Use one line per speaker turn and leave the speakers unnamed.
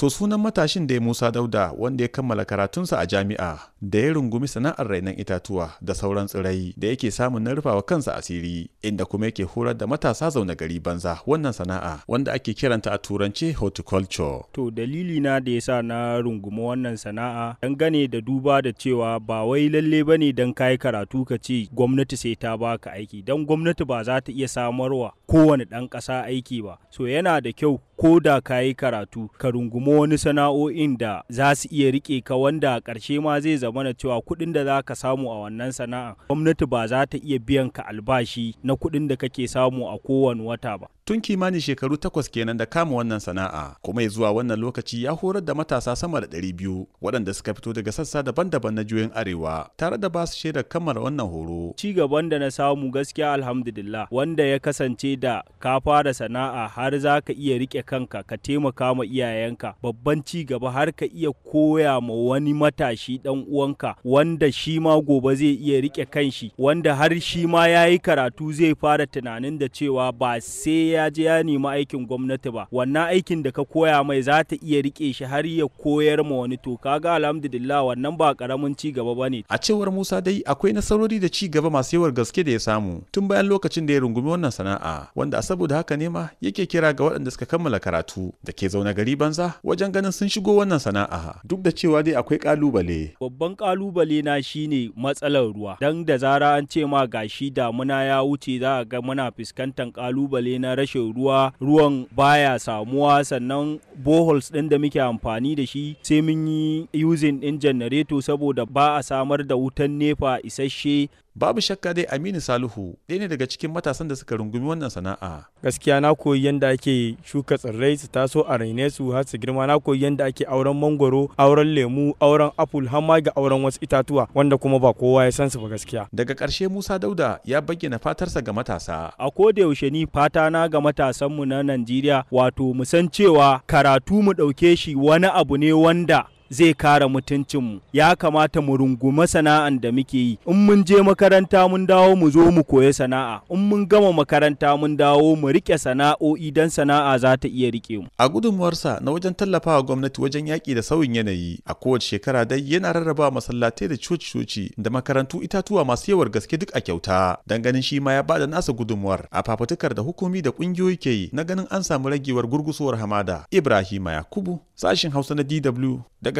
To sunan matashin da ya Musa Dauda wanda ya kammala karatunsa a jami'a da ya rungumi sana'ar rainan itatuwa da sauran tsirai da yake samun na rufawa kansa asiri inda kuma yake horar da matasa zaune gari banza wannan sana'a wanda ake kiranta a turance horticulture. To
dalili na da ya sa na rungumi wannan sana'a dangane da duba da cewa ba wai lalle ba ne dan kayi karatu ka ce gwamnati sai ta baka aiki dan gwamnati ba za ta iya samarwa kowane ɗan ƙasa aiki ba. So yana da kyau ko da ka yi karatu ka rungumi wani sana'o'in da za su iya rike ka wanda a ƙarshe ma zai zama na cewa kuɗin da za ka samu a wannan sana'a gwamnati ba za ta iya biyan ka albashi na kuɗin da kake samu
a kowane wata ba. Tun kimanin shekaru takwas kenan da kama wannan sana'a kuma zuwa wannan lokaci ya horar da matasa sama da ɗari biyu waɗanda suka fito daga sassa daban-daban na juyin arewa tare da ba su shaidar kammala wannan horo. Ci gaban da na samu gaskiya alhamdulillah wanda ya
kasance da ka fara sana'a har za ka iya rike kanka ka taimaka ma iyayenka babban ci gaba har ka iya koya ma wani matashi dan uwanka wanda shi ma gobe zai iya rike kanshi wanda har shi ma ya yi karatu zai fara tunanin da cewa ba sai ya je ya nemi aikin gwamnati ba wannan aikin da ka koya mai za ta iya rike shi har ya koyar ma wani to ga alhamdulillah wannan ba karamin ci gaba bane a cewar
Musa dai akwai nasarori da ci gaba masu yawar gaske da ya samu tun bayan lokacin da ya rungumi wannan sana'a wanda a saboda haka ne ma yake kira ga waɗanda suka kammala karatu da ke zaune gari banza wajen ganin sun shigo wannan sana'a duk da cewa dai akwai kalubale babban kalubale na shine
matsalar ruwa dan da zara an ce ma gashi damuna ya wuce za a ga muna fuskantar kalubale na rashin ruwa ruwan baya samuwa sannan boholes din da muke amfani da shi sai mun yi using din janareto saboda ba a samar da wutan
nefa isasshe babu shakka dai aminu salihu ɗaya ne daga cikin matasan da suka rungumi wannan sana'a
gaskiya na koyi yadda ake shuka tsirrai su taso a raine su har su girma na koyi yadda ake auren mangoro auren lemu auren apple har ma ga auren wasu itatuwa wanda kuma ba
kowa ya san su ba gaskiya daga karshe musa dauda ya bayyana fatarsa ga matasa a ko da yaushe
ni fata na ga matasanmu na najeriya wato mu san cewa karatu mu ɗauke shi wani abu ne wanda zai kara mutuncinmu ya kamata mu runguma sana'an da muke yi in mun je makaranta mun dawo mu zo mu koya sana'a in mun gama makaranta mun
dawo mu rike sana'o'i dan sana'a za ta iya rike mu a gudunmuwarsa na wajen tallafawa gwamnati wajen yaƙi da sauyin yanayi a kowace shekara dai yana rarraba masallatai da coci-coci da makarantu itatuwa masu yawar gaske duk a kyauta dan ganin shi ma ya bada nasa gudunmuwar a fafutukar da hukumi da kungiyoyi ke yi na ganin an samu ragewar gurgusuwar hamada ibrahima yakubu sashin hausa na dw daga